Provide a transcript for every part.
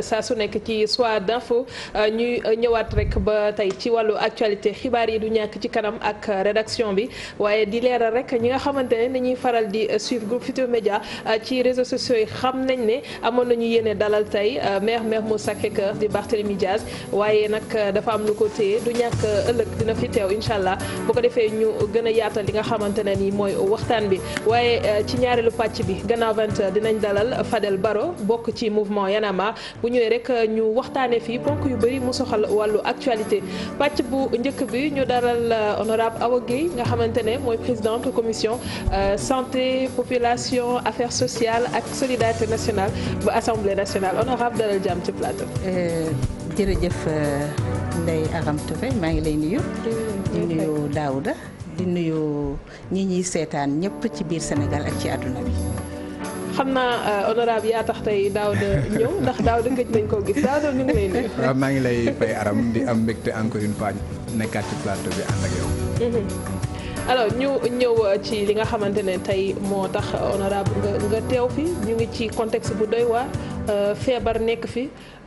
saa su nekk ci soir d'info euh, ñuy euh, ñëwaat rek ba tey ci wàllu actualité xibaar yi du ñàkk ci kanam ak rédaction bi waaye di leeral rek ñi nga xamante ne dañuy faral di euh, suivre groupe Futurs Médias ci réseaux sociaux yi xam nañ ne amoon nañu yéene dalal tey maire maire mu sacré di Barthélémy Diaz waaye nag dafa am lu ko téye du ñàkk ëllëg dina fi teew incha allah boo ko defee ñu gën a yaatal li nga xamante ne nii mooy waxtaan bi waaye ci ñaareelu pàcc bi gannaaw 20 dinañ dalal Fadel Baro bokk ci mouvement Yanama bu ñëwee rek euh, ñu waxtaanee fii ponk yu bëri mu soxal wàllu actualité pàcc bu njëkk bi ñu daral euh, honorable Awa Guèye nga xamante ne mooy présidente commission euh, santé population affaires sociales ak solidarité nationale bu assemblée nationale honorable dalal jàmm ci plateau. jërëjëf Ndeye Aram maa ngi lay nuyu. di nuyu Daouda di nuyu ñi ñuy seetaan ñëpp ci biir Sénégal ak ci àdduna bi. xam naa euh, honorable yaa tax tey daaw da ñëw ndax daaw da gëj nañ koo gis daaw da ñu ngi lay nuyu. waaw ah, maa ngi lay fay aram di am mbégte encore une fois nekkaat ci plateau bi ànd ak yow. Mm-hmm. alors ñu ñëw ci li nga xamante ne tey moo tax honorable nga teew fi ñu ngi ci contexte bu doy waa Euh, feebar nekk fi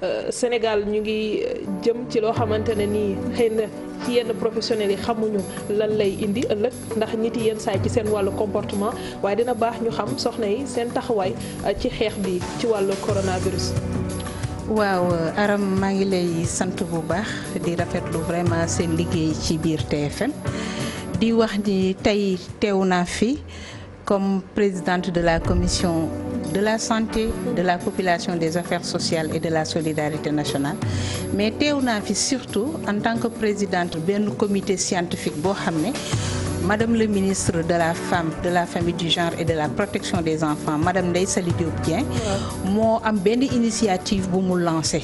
euh, Sénégal ñu ngi euh, jëm ci loo xamante ne nii xëy na ci yenn professionnels yi xamuñu lan lay indi ëllëg ndax nit yi yenn saay ci seen wàllu comportement waaye dina baax ñu xam soxna yi seen taxawaay ci xeex bi ci wàllu coronavirus. waaw Aram maa ngi lay sant bu baax di rafetlu vraiment seen liggéey ci biir TFM di wax ni tey teew naa fi comme présidente de la commission. de la santé de la population des affaires sociales et de la solidarité nationale mais teew naa fi surtout en tant que présidente benn comité scientifique boo xam ne madame le ministre de la femme de la famille du genre et de la protection des enfants madame Ndeye Saly Diop Dieng moo am benn initiative bu mu lancé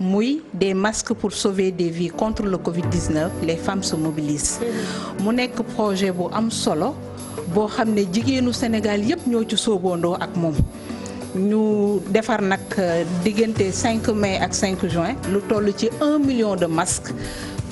muy des masques pour sauver des vies contre le Covid-19 les femmes se mobilisent mm-hmm. mu nekk projet bu am solo boo xam ne jigéenu Sénégal yépp ñoo ci sóoboondoo ak moom ñu defar nag euh, diggante cinq mai ak 5 juin lu toll ci un million de masques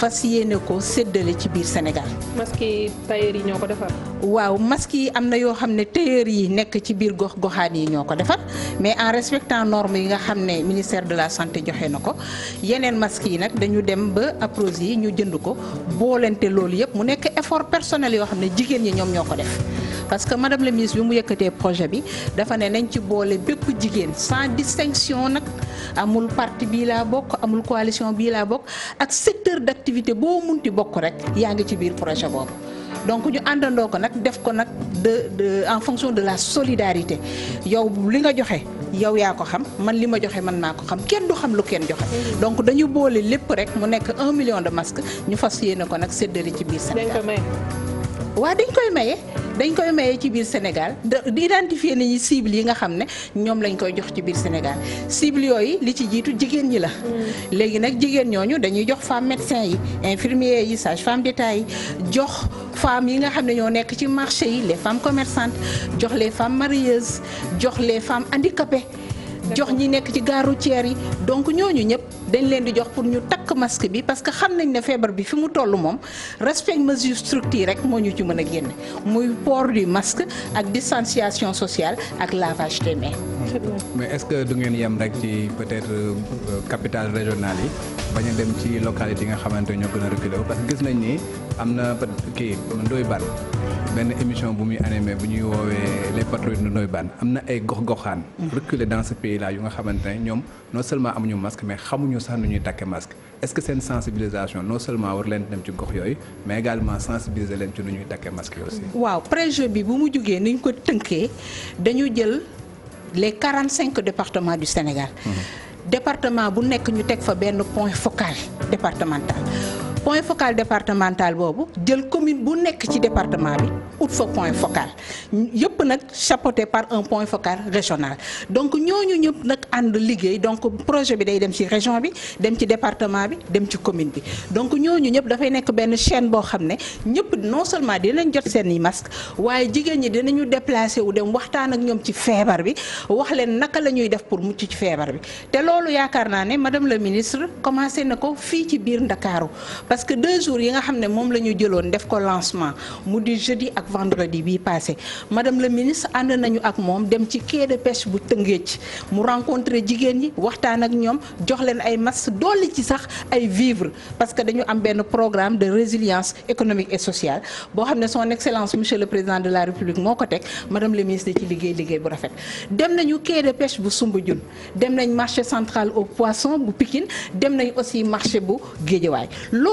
fas yéene ko séddale ci biir Sénégal. masque yi tailleur yi ñoo ko defar. waaw masque yi am na yoo xam ne tailleur yi nekk ci biir gox goxaan yi ñoo ko defar mais en respectant normes yi nga xam ne ministère de la santé joxe na ko yeneen masque yi nag dañu dem ba approche yi ñu jënd ko boolente loolu yëpp mu nekk effort personnel yoo xam ne jigéen ñi ñoom ñoo ko def. parce que madame la ministre bi mu yëkkatee projet bi dafa ne nañ ci boole bépp jigéen sans distinction nag amul parti bii laa bokk amul coalition bii laa bokk ak secteur d'activité boo mun ti bokk rek yaa ngi ci biir projet boobu. donc ñu àndandoo ko nag def ko nag de de en fonction de la solidarité yow li nga joxe yow yaa ko xam man li ma joxe man maa ko xam kenn du xam lu kenn joxe. donc dañu boole lépp rek mu nekk un million de masques ñu fas yéene ko nag séddale ci biir Sénégal. dañ dañ koy maye ci biir Sénégal di identifier nañu cibles yi nga xam ne ñoom lañ koy jox ci biir Sénégal cibles yooyu li ci jiitu jigéen ñi la. Mm. léegi nag jigéen ñooñu dañuy jox femme médecin yi infirmier yi sage femme d'État yi jox femmes yi nga xam ne ñoo nekk ci marché yi les femmes commerçantes jox les femmes marieuses jox les femmes handicapées jox ñi nekk ci gare routière yi donc ñooñu ñëpp. dañ leen di jox pour ñu takk masque bi parce que xam nañ ne feebar bi fi mu toll moom respect mesure structure rek moo ñu ci mën a génne muy port du masque ak distanciation sociale ak lavage des mains. mais est-ce que du ngeen yem rek ci peut-être euh, capitale régionale yi bañ a dem ci localité yi nga xamante ñoo gën a reculé parce que gis nañ ni am na kii Ndoye Bane benn émission bu muy animé bu ñuy woowee les patrouilles de Ndoye Bane am na ay gox-goxaan mm. reculé dans ce pays là yu nga xamante ne ñoom non seulement amuñu masque xamuñu sax nu ñuy takke masque est-ce que seen sensibilisation no seulement war leen dem ci gox yooyu mais également sensibiliser leen ci nu ñuy takke masque yi aussi. waaw projet bi bu mu jugee ni ñu ko tënkee dañu jël les quarante cinq départements du Sénégal. Mhm. département bu nekk ñu teg fa benn point focal départemental. point focal départemental boobu jël commune bu nekk ci département bi ut fa point focal yëpp nag chapeauté par un point focal régional donc ñooñu ñëpp nag ànd liggéey donc projet bi day dem ci région bi dem ci département bi dem ci commune bi donc ñooñu ñëpp dafay nekk benn chaine boo xam ne ñëpp non seulement dinañ jot seen i masque waaye jigéen ñi dinañu déplacé wu dem waxtaan ak ñoom ci feebar bi wax leen naka la ñuy def pour mucc ci feebar bi te loolu yaakaar naa ne madame la ministre commencé na ko fii ci biir Ndakaaru parce que deux jours yi nga xam ne moom la ñu jëloon def ko lancement mu di jeudi ak vendredi bii passé madame la ministre ànd nañu ak moom dem ci quai de pêche bu Tëngéej mu rencontre jigéen ñi waxtaan ak ñoom jox leen ay masques dolli ci sax ay vivres parce que dañu am benn programme de résilience économique et sociale boo xam ne son excellence monsieur le président de la république moo ko teg madame la ministre ci liggéey liggéey bu rafet dem nañu quai de pêche bu Soumbédioune dem nañ marché central au poisson bu Pikine dem nañ aussi marché bu Guédiawaye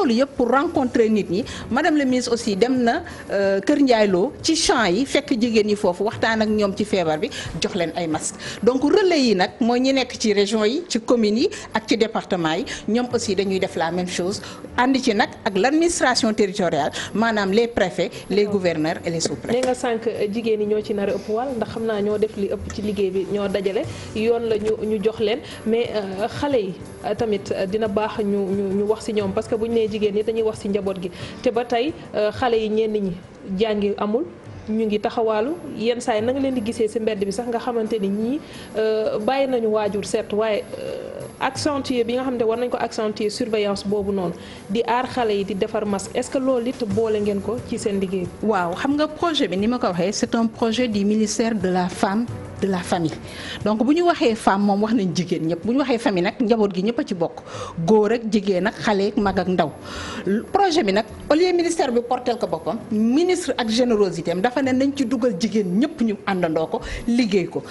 loolu yëpp pour rencontrer nit ñi madame la ministre aussi dem na euh, Kër Ndiaye ci champs yi fekk jigéen yi foofu waxtaan ak ñoom ci feebar bi jox leen ay masques donc relais yi nag mooy ñi nekk ci région yi ci communes yi ak ci département yi ñoom aussi dañuy def la même chose ànd ci nag ak l' administration territoriale maanaam les préfets les gouverneurs et les sous-préfets. nee nga euh, jigéen ñi ñoo ci nar a ëpp wàll ndax xam naa ñoo def li ëpp ci liggéey bi ñoo dajale yoon la ñu ñu jox leen euh, jigéen ñi dañuy wax ci njaboot gi te ba tey euh, xale yi ñenn ñi jàngi amul ñu ngi taxawaalu yenn saa yi na leen di gisee ci mbedd bi sax nga xamante ni ñii euh, bàyyi nañu waajur certes waaye euh, accentuer bi nga xam ne war nañ ko accentuer surveillance boobu noonu di aar xale yi di defar masque est-ce que loolu it boole ngeen ko ci seen liggéey. waaw xam nga projet bi ni ma ko waxee c'est un projet du ministère de la femme. de la famille donc bu ñu waxee femme moom wax nañ jigéen ñëpp bu ñu waxee famille nag njaboot gi ñëpp a ci bokk góor ak jigéen ak xale ak mag ak ndaw projet bi nag au lieu ministère bi porteel ko boppam ministre ak générosité am dafa ne nañ ci dugal jigéen ñëpp ñu àndandoo ko liggéey ko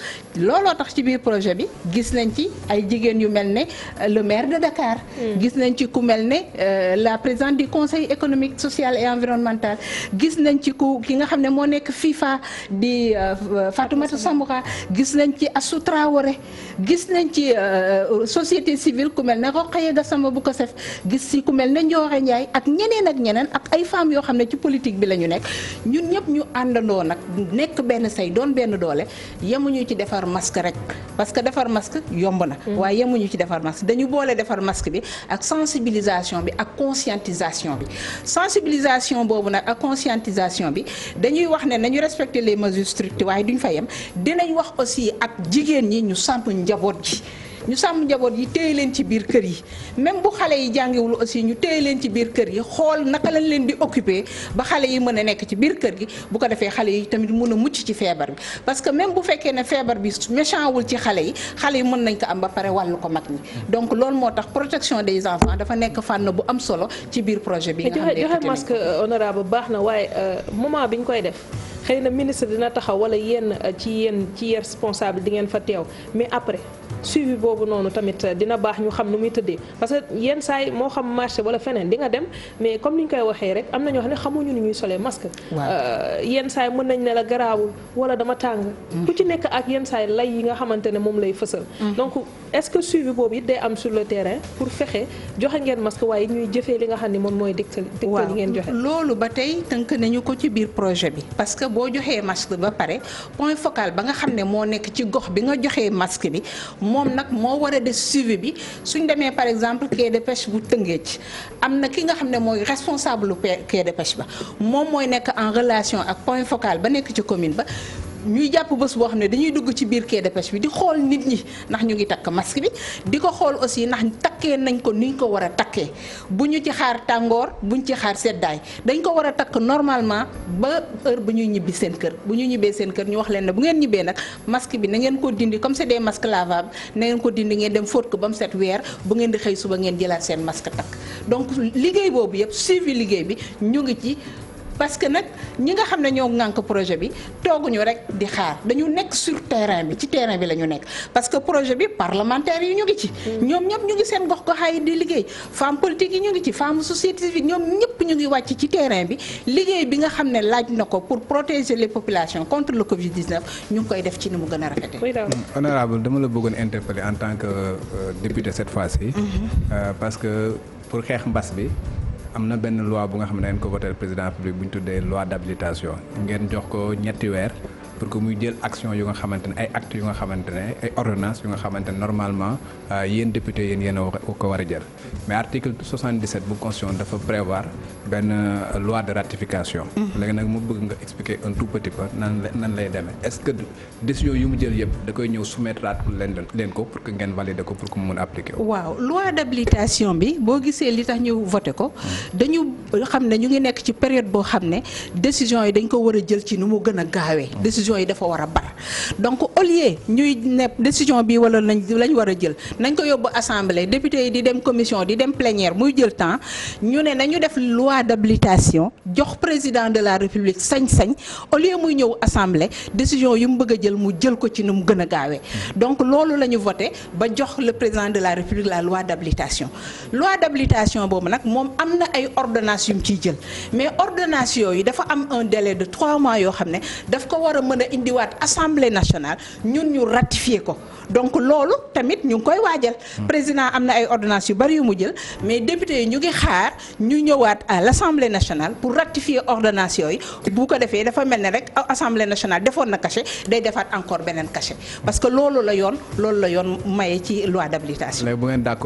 looloo tax ci biir projet bi gis nañ ci ay jigéen yu mel ne euh, le maire de Dakar mm. gis nañ ci ku mel ne euh, la présent du conseil économique social et environnemental gis nañ ci ku ki nga xam ne moo nekk FIFA di euh, Fatoumata Sambouka gis nañ ci Assou Traoré gis nañ ci euh, société civile ku mel ne Rokhaya Gassama sama ko sef gis si ku mel ne Ndiore Ndiaye ak ñeneen ak ñeneen ak ay femmes yoo xam ne ci politique bi la ñu nekk ñun ñëpp ñu àndandoo nag nekk benn say doon benn doole yemuñu ci defar masque rek parce que defar masque yomb na. Mm. waaye ñu ci defar masque dañu boole defar masque bi ak sensibilisation bi ak conscientisation bi sensibilisation boobu nag ak conscientisation bi dañuy wax ne nañu respecter les mesures waaye duñ fa yem wax aussi ak jigéen ñi ñu samp njaboot ji ñu sàmm njaboot yi téye leen ci biir kër yi même bu xale yi jàngewul aussi ñu téye leen ci biir kër yi xool naka lañ leen di occupé ba xale yi mën a nekk ci biir kër gi bu ko defee xale yi tamit mun a mucc ci feebar bi parce que même bu fekkee ne feebar bi méchant wul ci xale yi xale yi mën nañ ko am ba pare wàllu ko mag ñi donc loolu moo tax protection des enfants dafa nekk fànn bu am solo ci biir projet bi nga xam ne joxe masque euh, honorable baax na waaye euh, moment bi ñu koy def xëy na ministre dina taxaw wala yenn ci yenn ci responsable di ngeen fa teew mais après suivi boobu noonu tamit dina baax ñu xam nu muy tëddee parce que yenn saa moo xam marché wala feneen di nga dem mais comme ni ñu koy waxee rek am na ñoo xam ne xamuñu ni ñuy solee masque euh, yenn saa mën nañ ne la garaawul wala dama tàng mm. ku ci nekk ak yenn saa yi lay yi nga xamante ne moom lay fësal mm. donc est-ce que suivi boobu it day am sur le terrain pour fexe joxe ngeen masque waaye ñuy jëfee li nga xam ne moom mooy digtal digtal yi ngeen joxe loolu ba tey tënk nañu ko ci biir projet bi parce que boo joxee masque ba pare point focal ba nga xam ne moo nekk ci gox bi nga joxee masque bi moom nag moo war des def suivi bi suñ demee par exemple quai de pêche bu Tëngéej am na ki nga xam ne mooy responsable lu quai de ba moom mooy nekk en relation ak point focal ba nekk ci commune ba ñuy jàpp bés boo xam ne dañuy dugg ci biir quai de bi di xool nit ñi ndax ñu ngi takk masque bi di ko xool aussi ndax takkee nañ ko ni ñu ko war a takkee bu ñu ci xaar tàngoor bu ñu ci xaar seddaay dañ ko war a takk normalement ba heure bu ñuy ñibbi seen kër bu ñu ñibbee seen kër ñu wax leen ne bu ngeen ñibbee nag masque bi na ngeen ko dindi comme c'est des masques lavables na ngeen ko dindi ngeen dem fóot ko ba set weer bu ngeen di xëy suba ngeen jëlaat seen masque takk donc liggéey boobu yëpp suivi liggéey ci parce que nag ñi nga xam ne ñoo ŋànk projet bi tooguñu rek di xaar dañu nekk sur terrain bi ci terrain bi la ñu nekk parce que projet bi parlementaire yi ñu ngi ci. ñoom ñëpp ñu ngi seen gox goxaay yi di liggéey femme politique yi ñu ngi ci femme société civile ñoom ñëpp ñu ngi wàcc ci terrain bi liggéey bi nga xam ne laaj na ko pour protéger les population contre le Covid 19 ñu ngi koy def ci ni mu gën a rafetee. Mm, honorable dama la bëggoon interpeller en tant que euh, député fois mm-hmm. euh, xeex mbas bi. am na benn loi bu nga xam ne dañ ko voté président république bu ñu tuddee loi d'habilitation ngeen jox ko ñetti weer pour que muy jël action yu nga xamante ay actes yu nga xamante ay ordonnances yu nga xamante normalement euh, yéen député yéen yéen a ko war a jël mais article bu constitution dafa prévoir benn euh, loi de ratification. Mm-hmm. léegi ngi nekk ci période boo xam ne décision yi dañ ko war a jël ci nu mu gën a gaawee. Mm. décision yi dafa war a bar donc au lieu ñuy ne décision bi wala lañ lañ war a jël nañ ko yóbbu assemblée député yi di dem commission di dem plénière muy jël temps ñu ne nañu def loi d'habilitation jox président de la république sañ-sañ au lieu muy ñëw assemblée décision yu mu bëgg a jël mu jël ko ci nu mu gën a gaawee donc loolu la ñu voté ba jox le président de la république la loi d'habilitation loi d'habilitation boobu nag moom am na ay ordonnances yu mu ciy jël mais ordonnances yooyu dafa yoo xam mën a indiwaat assemblée nationale ñun ñu ratifier ko donc loolu tamit ñu ngi koy waajal. président am na ay ordonnances yu bari yu mu jël mais député yi ñu ngi xaar ñu ñëwaat l' assemblée nationale pour ratifier ordonnances yooyu bu ko defee dafa mel ne rek assemblée nationale defoon na cachet day defaat encore beneen cachet parce que loolu la yoon loolu la yoon maye ci loi d' habilitation. léegi bu ngeen d' a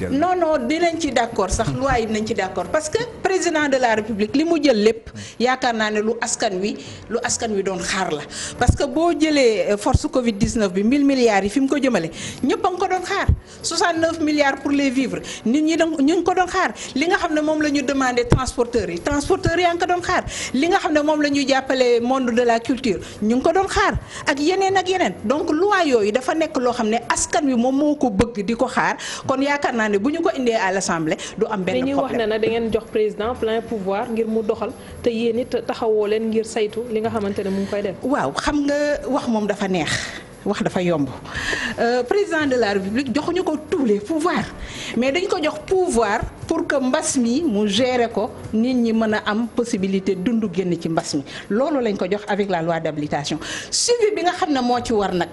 jël. sax loi yi dinañ ci d' parce que président de la république li mu jël lépp yaakaar naa ne lu askan wi lu askan doon xaar parce que boo jëlee euh, force Covid 19 bi 1000 milliards yi fi mu ko jëmale ñëpp a nga ko doon xaar 69 milliards pour les vivres nit ñi da ñu ngi ko doon xaar li nga xam ne moom la ñu demandé transporteurs yi transporteurs yaa ngi ko doon xaar li nga xam ne moom la jàppale monde de la culture ñu ngi ko doon xaar ak yeneen ak yeneen donc loi yooyu dafa nekk loo xam ne askan wi moom moo ko bëgg di ko xaar kon yaakaar naa ne bu ñu ko indee à l'assemblée du am benn problème da ngeen jox président plein pouvoir ngir mu doxal te yéen it koy def. waaw xam nga wax moom dafa neex. wax dafa yomb euh, président de la république joxuñu ko tous les pouvoirs mais dañ ko jox pouvoir pour que mbas mi mu gérer ko nit ñi mën a am possibilité dund génn ci mbas mi loolu lañ ko jox avec la loi d'habilitation suivi bi nga xam ne moo ci war nag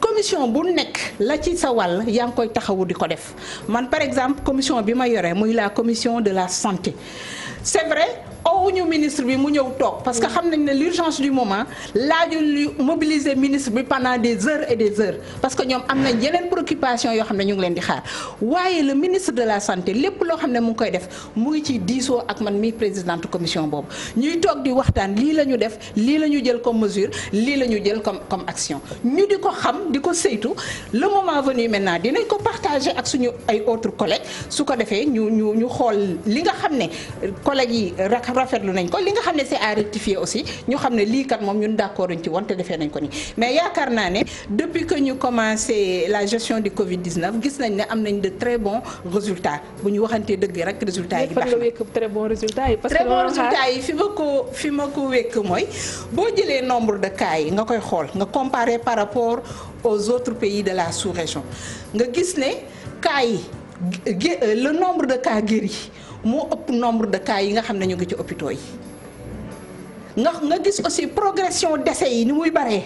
commission bu nekk la ci sa wàll yaa ngi koy taxawu di ko def man par exemple commission bi ma yoree muy la commission de la santé c'est woowuñu ministre bi mu ñëw toog parce que xam nañ ne l'urgence du moment laajul des heures et des heures parce que ñoom am nañ yeneen préoccupation yoo xam ne ñu ngi leen di xaar waaye le ministre de la santé lépp loo xam ne mu ngi koy def mu ngi ci diisoo ak man mi présidente commission boobu ñuy toog di waxtaan lii la ñu def lii la ñu jël comme mesure lii la ñu jël comme comme action ñu di ko xam di ko saytu le moment venu maintenant dinañ ko partager ak suñu ay autres collègues su ko defee ñu ñu ñu xool li nga xam ne collègues yi rafetlu nañ ko li nga xam ne c'est à rectifier aussi ñu xam ne lii kat moom ñun d'accord ñu ci woon te defee nañ ko ni mais yaakaar naa ne depuis que ñu commencé la gestion de Covid 19 gis nañ ne am nañ de très bon résultats bu ñu waxantee dëgg rek résultat yi. baax na très bons résultats fi ma ko fi ma ko wékk mooy boo jëlee nombre de cas yi nga koy xool nga comparer par rapport aux autres pays de la sous-région nga gis ne cas yi euh, le nombre de cas yi moo ëpp nombre de cas yi nga xam ne ñu ngi ci hôpitaux yi nga nga gis aussi progression décès yi ni muy baree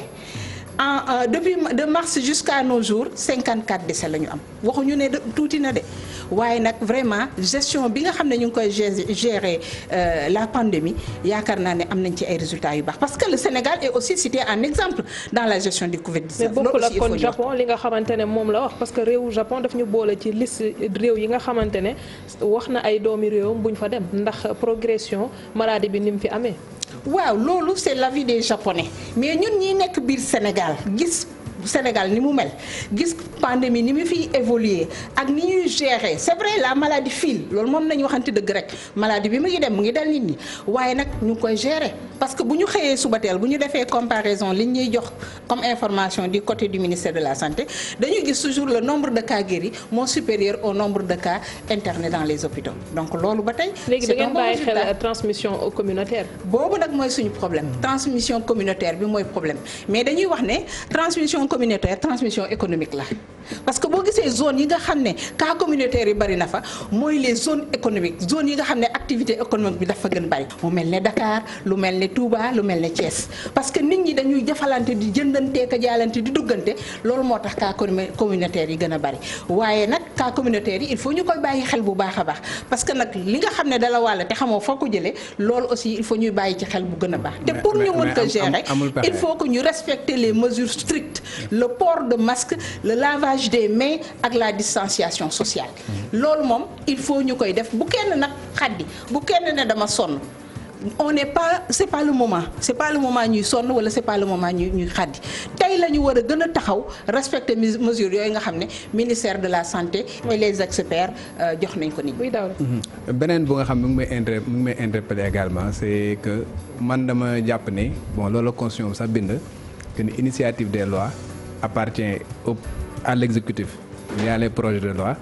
en euh, depuis de mars jusqu'à nos jours 54 décès la ñu am waxuñu ne tuuti na de. waaye nag vraiment gestion bi nga xam ne ñu ngi koy gérer euh, la pandémie yaakaar naa ne am nañ ci ay résultats yu baax parce que le Sénégal est aussi cité en exemple dans la gestion du Covid-19. loolu moom la wax parce que réewu Japon daf boole ci liste réew yi nga xamante ne wax na ay doomi réewam buñ fa dem ndax progression maladie bi ni mu fi amee. waaw loolu c'est l'avis des Japonais mais ñun ñi nekk biir Sénégal gis. Sénégal ni mu mel gis pandémie ni mu fiy évoluer ak ni ñuy gérer c'est vrai la maladie file loolu moom nañu waxante dëgg rek maladie bi mu ngi dem mu ngi dal nit ñi waaye nag ñu ngi koy gérer parce que bu ñu xëyee suba teel bu ñu defee comparaison li ñuy jox comme information du côté du ministère de la santé dañuy gis toujours le nombre de cas guéris moo supérieur au nombre de cas internés dans les hôpitaux donc loolu ba tey. léegi da ngeen bàyyi xel transmission communautaire. boobu nag mooy suñu problème bi mooy problème mais communautaire transmission économique la parce que boo gisee zone yi nga xam ne cas communautaire yi bari na fa mooy les zones économiques zone yi nga xam ne activité économique bi dafa gën bari mu mel ne Dakar lu mel ne Touba lu mel ne Thiès parce que nit ñi dañuy jafalante di jëndante ka jaalante di duggante loolu moo tax cas communautaire yi gën a bari waaye nag cas communautaire yi il faut ñu koy bàyyi xel bu baax a baax parce que nag li nga xam ne dala wàll te xamoo foo ko jëlee lool aussi il faut ñuy bàyyi ci xel bu gën a baax te pour ñu mën ko gérer il faut que ñu respecter les mesures strictes le port lavage mais mains ak la distanciation sociale. Mhm. loolu moom il faut ñu koy def bu kenn nag xaddi bu kenn ne dama sonn. on ne pas c'est pas le moment c'est ñuy sonn wala c'est pas le moment ñuy ñuy xaddi tey la ñu war a gën a taxaw respecter mesures yooyu nga xam ne ministère de la santé et les experts euh, jox nañ ko nit ñi. Mhm. beneen bu nga xam ne mu ngi may inter mu ngi may interpeller également c'est que man dama jàpp ne bon loolu constitution sax bind que initiative des lois appartient au à l'exécutif via les projets de loi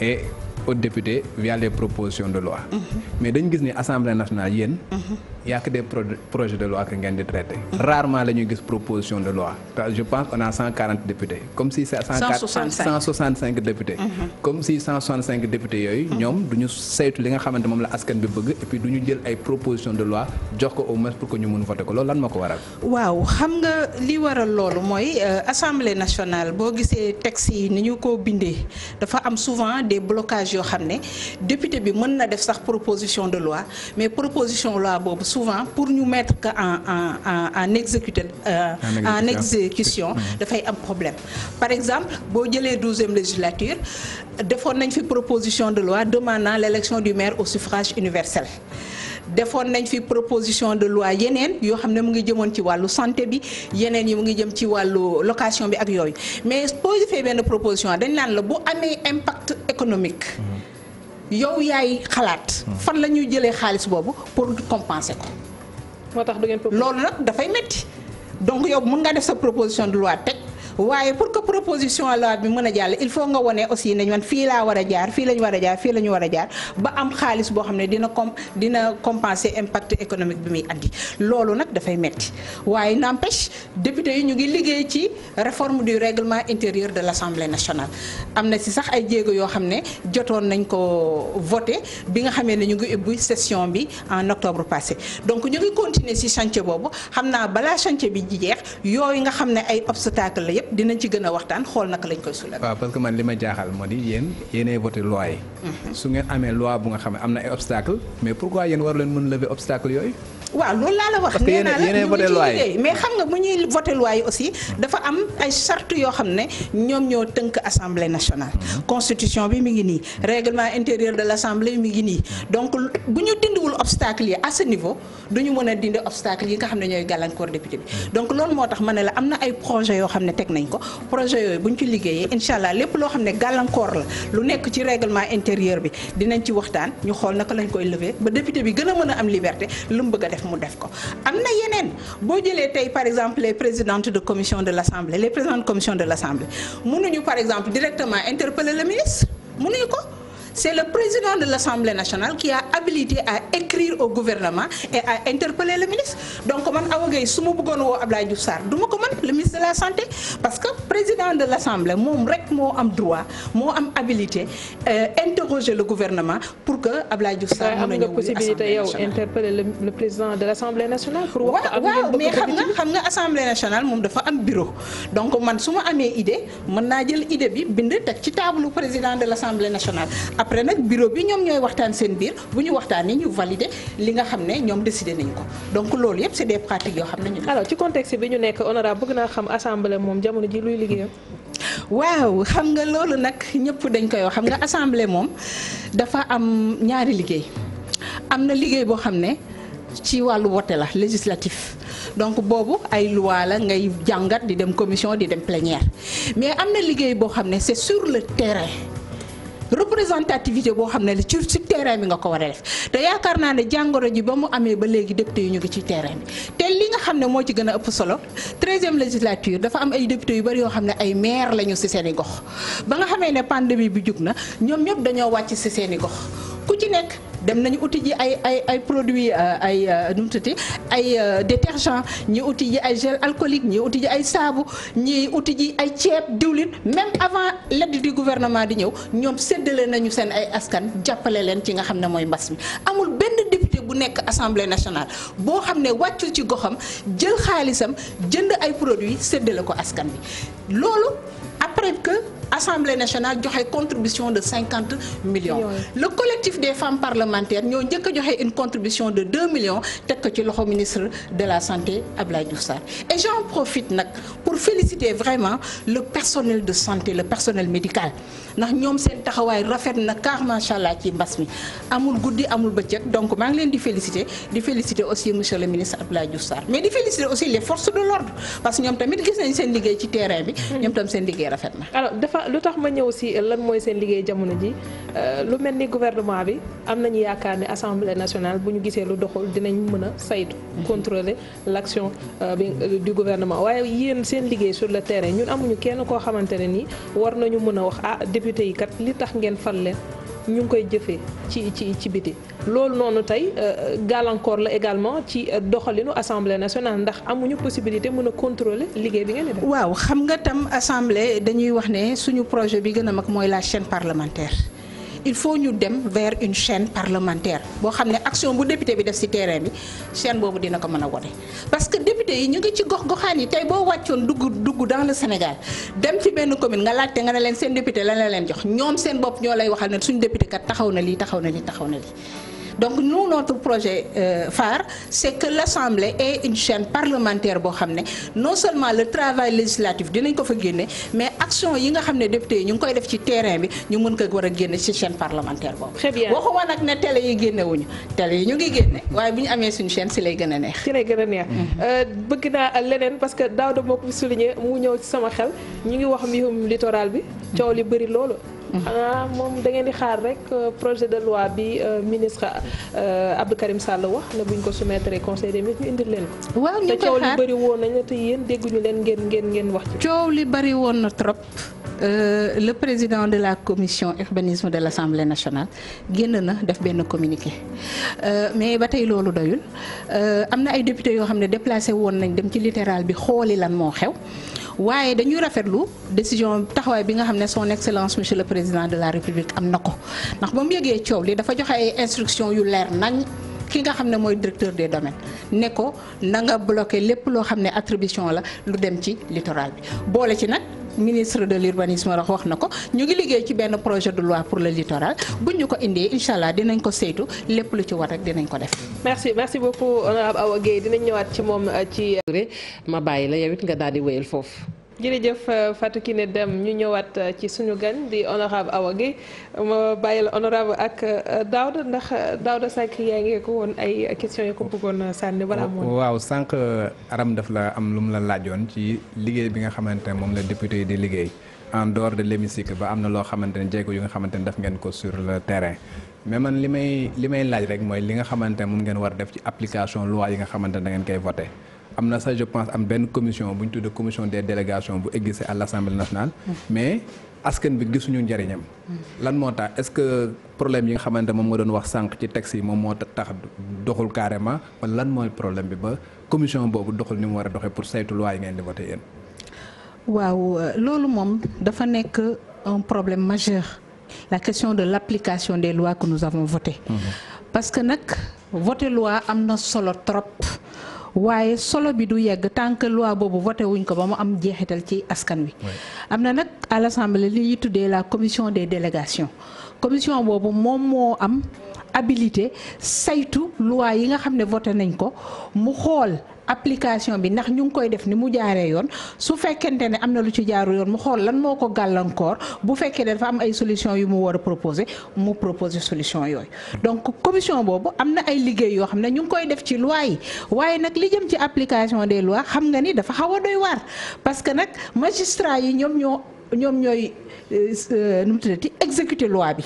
et aux députés via de loi. Mm-hmm. mais dañu gis ni assemblée nationale yéen. Mm-hmm. y a que des projets de loi que ngeen di traité. rarement la gis proposition de loi. je pense on a cent quarante députés. comme si cent soixante mhm. yooyu. Mhm. ñoom du saytu li nga xamante moom la askan bi bëgg et puis jël ay proposition de loi jox ko au pour que ñu mun voté ko loolu lan moo ko waral. waaw xam nga li waral loolu mooy euh, assemblée nationale boo gisee texte yi ni ñu ko bindee dafa am souvent des blocages yoo xam ne député bi mën na def sax proposition souvent pour ñu mettre que en en en en exécuté euh, en exécution dafay am problème par exemple boo jëlee douzième législature defoon nañ fi proposition de loi demandant l'élection du maire au suffrage universel defoon nañ fi proposition de loi yeneen yoo xam ne mu ngi jëmoon ci wàllu santé bi yeneen yi mu ngi jëm ci wàllu location bi ak yooyu mais boo defee benn proposition dañ naan la bu amee impact économique. Mhm. yow yaay xalaat. fan la ñuy jëlee xaalis boobu pour compenser ko. moo tax du ngeen loolu nag dafay metti donc yow mun nga def sa proposition de loi teg. waaye pour que proposition loi bi mën a jàll il faut nga wone aussi nañ man fii laa war a jaar fii la war a jaar fii a jaar ba am xaalis boo xam ne dina com dina compenser impact économique bi muy andi loolu nag dafay metti waaye n'empêche député yi ñu ngi liggéey ci réforme du réglement intérieur de l'Assemblée nationale am na si sax ay jéego yoo xam ne jotoon nañ ko voté bi nga xamee ne ñu ngi ubbi session bi en octobre passé donc ñu ngi continuer si chantier boobu xam naa balaa chantier bi jeex yooyu nga xam ne ay obstacle la yëpp dinañ ci gën a waxtaan xool naka lañ koy sulal waaw parce que man li ma jaaxal moo di yéen yéenay voté loi yi mhm. su ngeen amee loi bu nga xam ne na ay obstacle mais pourquoi yéen war leen mën lever obstacle yooyu waaw loolu laa la wax nee naa la ñu ngi ci liggéey mais xam nga bu ñuy voté loi yi aussi dafa am ay charte yoo xam ne ñoom ñoo tënk assemblée national mhm. constitution bi mi ngi nii règlement intérieur de l' assemblée mi ngi nii donc bu ñu dindiwul obstacle yi à ce niveau du ñu mën a dindi obstacle yi nga xam ne ñooy gàllankoor député bi mhm. donc loolu moo tax ma ne la am na ay projet yoo xam ne teg nañ ko projet yooyu bu ñu ci liggéeyee incha allah lépp loo xam ne gàllankoor lu nekk ci règlement intérieur bi dinañ ci waxtaan ñu xool naka lañ koy lever ba député bi gën mën am liberté lu bëgg a mu def ko am na yeneen boo jëlee tey par exemple les présidentes de commission de l'Assemblée les présidentes de commission de l'Assemblée mënuñu par exemple directement interpeller le ministre mënuñu ko C'est le président de l'Assemblée nationale qui a habilité à écrire au gouvernement et à interpeller le ministre donc man Awa su ma bëggoon woo Abdoulaye Diouf Sarr du ma ko mën le ministre de la santé parce que président de l'Assemblée moom rek moo am droit moo am habilité euh, interroger le gouvernement pour que Abdoulaye Diouf Sarr mën a ñëw possibilité yow interpeller le président de l'Assemblée nationale pour wax mais xam nga xam nga Assemblée nationale moom dafa am bureau donc man su ma amee idée mën naa jël idée bi bind teg ci table président de l'Assemblée nationale après nag bureau bi ñoom ñooy waxtaan seen biir bu ñu waxtaanee ñu valider li nga xam ne ñoom décidé nañ ko donc loolu yëpp c'est des yoo xam ne ñu. alors ci contexte bi ñu nekk honorable bëgg naa xam assemblée moom jamono ji luy liggéeyam. waaw xam nga loolu nag ñëpp dañ koy wax xam nga assemblée moom dafa am ñaari liggéey am na liggéey boo xam ne. ci wàllu wote la législatif donc boobu ay loi ngay jàngat di dem commission di dem plénière mais am na liggéey boo xam ne c'est sur le terrain représentativité boo xam ne ci ci terrain bi nga ko war a def te yaakaar naa ne jàngoro ji ba mu amee ba léegi député yu ñu ngi ci terrain bi te li nga xam ne moo ci gën a ëpp solo treizième législature dafa am ay député yu bari yoo xam ne ay maire lañu ci seeni gox ba nga xamee ne pandémie bi jug na ñoom ñëpp dañoo wàcc ci seen i gox ku ci nekk. dem nañu uti ji ay ay ay produits euh, ay euh, nu mu tuddati ay euh, détergent ñi uti ji ay gel alcoolique ñi uti ji ay saabu ñi uti ji ay ceeb diwlin même avant l'aide du gouvernement di ñëw ñoom séddale nañu seen ay askan jàppale leen ci nga xam ne mooy mbas mi amul benn député bu nekk assemblée nationale boo xam ne wàccul ci goxam jël xaalisam jënd ay produits séddale ko askan bi loolu après que assemblée nationale joxe contribution de cinquante millions. le collectif des femmes ñoo njëkk joxe une contribution de deux millions teg ko ci loxo ministre de la santé Abdoulaye Diouf Sarr et j'en profite nag pour féliciter vraiment le personnel de santé le personnel médical ndax ñoom seen taxawaay rafet na car macha allah ci mbas mi amul guddi amul bëccëg donc maa ngi leen di féliciter di féliciter aussi monsieur le ministre Abdoulaye Diouf Sarr mais di féliciter aussi les forces de l'ordre parce que rafet dafa lu tax ma ñëw si lan mooy seen liggéey jamono ji euh, lu mel ni gouvernement bi am nañu yaakaar ne assemblée nationale bu ñu gisee lu doxul dinañ mën a saytu. laction l' euh, action euh, du gouvernement waaye yéen seen liggéey sur le terrain ñun amuñu kenn koo xamante ne ni war nañu mën a wax ah député yi kat li tax ngeen fal leen. ñu ngi koy jëfee ci ci ci biti loolu noonu tey euh, gàllankoor la également ci euh, doxalinu assemblée nationale ndax amuñu possibilité mun a contrôler liggéey bi ngeen di def. waaw xam nga tam assemblée dañuy wax ne suñu projet bi gën a mag mooy la chaîne parlementaire. il faut ñu dem vers une chaîne parlementaire boo xam ne action bu député bi def ci terrain bi chaîne boobu dina ko mën a wone parce que autorités yi ñu ngi ci gox goxaan yi tey boo wàccoon dugg dugg dans le Sénégal dem ci benn commune nga laajte nga ne leen seen député lan la leen jox ñoom seen bopp ñoo lay waxal ne suñu député kat taxaw na lii taxaw na lii taxaw na lii donc nous notre projet euh, phare c'est que l'Assemblée ait une chaîne parlementaire boo xam ne non seulement le travail législatif dinañ ko fa génne mais action yi nga xam ne député yi ñu ngi koy def ci terrain bi ñu mën ko war a génne ci chaîne parlementaire boobu. très bien waxuma nag ne télé yi génne wuñu télé yi ñu ngi génne waaye bu ñu amee suñu chaîne si lay gën a neex. si lay gën a neex mhm. euh, bëgg naa leneen parce que daaw da moo ko souligné mu ñëw ci sama xel ñu ngi wax mbirum littoral bi coow li bëri loolu. ah moom dangeen di xaar rek euh, projet de loi bi euh, ministre Abdou Karim Sall wax bu buñ ko soumettre conseil des ministres ñu indil leen ko. waaw ñu koy xaar te coow li bëri woon yéen dégguñu leen ngeen ngeen ngeen wax coow li bëri woon na trop. Euh, le président de la commission urbanisme de l'Assemblée nationale génn na def benn communiqué euh, mais ba tey loolu doyul am na ay députés yoo xam ne déplacé woon nañ dem ci littoral bi xooli lan moo xew. waaye dañuy rafetlu décision taxawaay bi nga xam ne son excellence monsieur le président de la république am na ko ndax ba mu yëgee coow li dafa joxe ay instructions yu leer nañ ki nga xam ne mooy directeur des domaines ne ko nanga nga lépp loo xam ne attribution la lu dem ci littoral bi boole ci nag. ministre de l'urbanisme rax wax na ko ñu ngi liggéey ci benn projet de loi pour le littoral buñ ñu ko indee incha allah dinañ ko saytu lépp lu ci war rek dinañ ko def. merci merci beaucoup honorable Awa Guèye dinañ ñëwaat ci moom ci. ma bàyyi la yow it nga daal di wéyal foofu. jërëjëf euh, Fatou ne dem ñu ñëwaat euh, ci suñu gan di honorable Awa Guèye ma bàyyi la honorable ak euh, Daouda ndax Daouda sànq yaa ngi ko woon ay questions yu ko bëggoon sànni balaa moom. waaw sànq Aram daf la am lu mu la laajoon ci liggéey bi nga xamante ne moom la député yi di liggéey en dehors de l'hémicycle ba am na loo xamante ne jéego yu nga xamante ne daf ngeen ko sur le terrain. mais man li may li may laaj rek mooy li nga xamante ne moom ngeen war def ci application loi yi nga xamante ne da koy voté. am na sax je pense am benn commission bu ñu tuddee commission des délégations bu existé à l'Assemblée nationale. Mm. mais askan bi gisuñu njariñam mm. lan moo tax est-ce que problème yi nga xamante moom nga doon wax sànq ci texte yi moom moo tax doxul carrément wala lan mooy problème bi ba commission boobu doxul ni mu war a doxe pour saytu loi yi ngeen di voté yéen. waaw euh, loolu moom dafa nekk un problème majeur la question de l'application des lois que nous avons votées. Mm-hmm. parce que nag voté loi am na solo trop. waaye solo bi du yegg tant que loi boobu voté wuñ ko ba mu am jeexital ci askan wi. am na nag à l'Assemblée li ñuy tuddee la commission des délégation commission boobu moom moo am abilité saytu loi yi nga xam ne vote nañ ko mu xool. application bi ndax ñu ngi koy def ni mu jaaree yoon su fekkente ne am na lu ci jaaru yoon mu xool lan moo ko gàllankoor bu fekkee ne dafa am ay solution yu mu war a proposer mu proposer solution yooyu donc commission boobu am na ay liggéey yoo xam ne ñu ngi koy def ci loi yi waaye nag li jëm ci application des lois xam nga ni dafa xaw a doy waar parce que nag magistrat yi ñoom ñoo ñoom ñooy euh, nu mu tuddati exécuter loi bi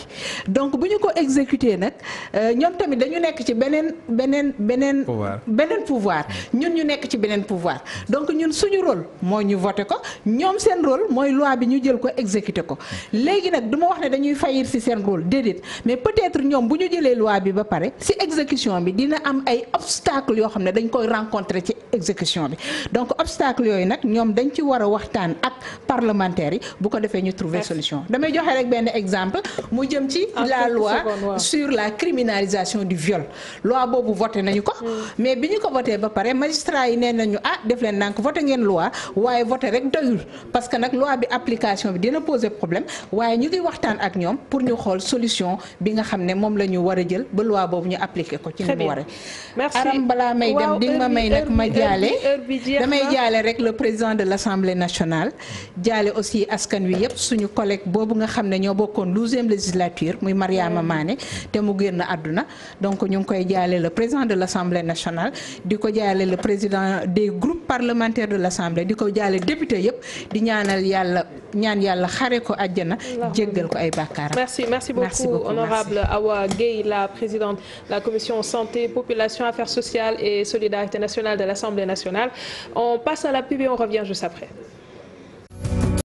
donc bu ñu ko exécuté nag euh, ñoom tamit dañu nekk ci beneen beneen beneen. beneen pouvoir ñun ñu nekk ci beneen pouvoir donc ñun suñu rôle mooy ñu voté ko ñoom seen rôle mooy loi bi ñu jël ko exécuter ko léegi nag duma wax ne dañuy fayir ci seen rôle déedéet mais peut-être ñoom bu ñu jëlee loi bi ba pare ci exécution bi dina am ay obstacles yoo xam ne dañ koy rencontrer ci exécution bi donc obstacle yooyu nag ñoom dañ ci war a waxtaan ak parlementaires yi. bu ko defee ñu trouver solution damay joxe rek benn exemple mu jëm ci la loi sur la criminalisation du viol loi boobu voté nañu ko mm. mais bi ñu ko voté ba pare magistrat yi nee nañu ah def leen ndànk voté ngeen loi waaye voté rek doyul parce que nag loi bi application bi dina poser problème waaye ñu ngi waxtaan ak ñoom pour ñu xool solution bi nga xam ne moom la ñu war a jël ba loi boobu ñu appliqué ko ci ni mu waree aram balaa may dem di nga ma may nag askan wi yëpp ñu collègue boobu nga xam ne ñoo bokkoon douzième législature muy Mariama mm. Mané te mu génn àdduna donc ñu ngi koy jaale la président de l' assemblée nationale di ko jaale le président des groupes parlementaires de l' assemblée di ko jaale député yëpp di ñaanal yàlla ñaan yàlla xare ko àjjana jéggal ko ay bàkkaaram merci merci beaucoup honorable la présidente la commission santé population affaires sociales solidarité nationale de la pub et on revient juste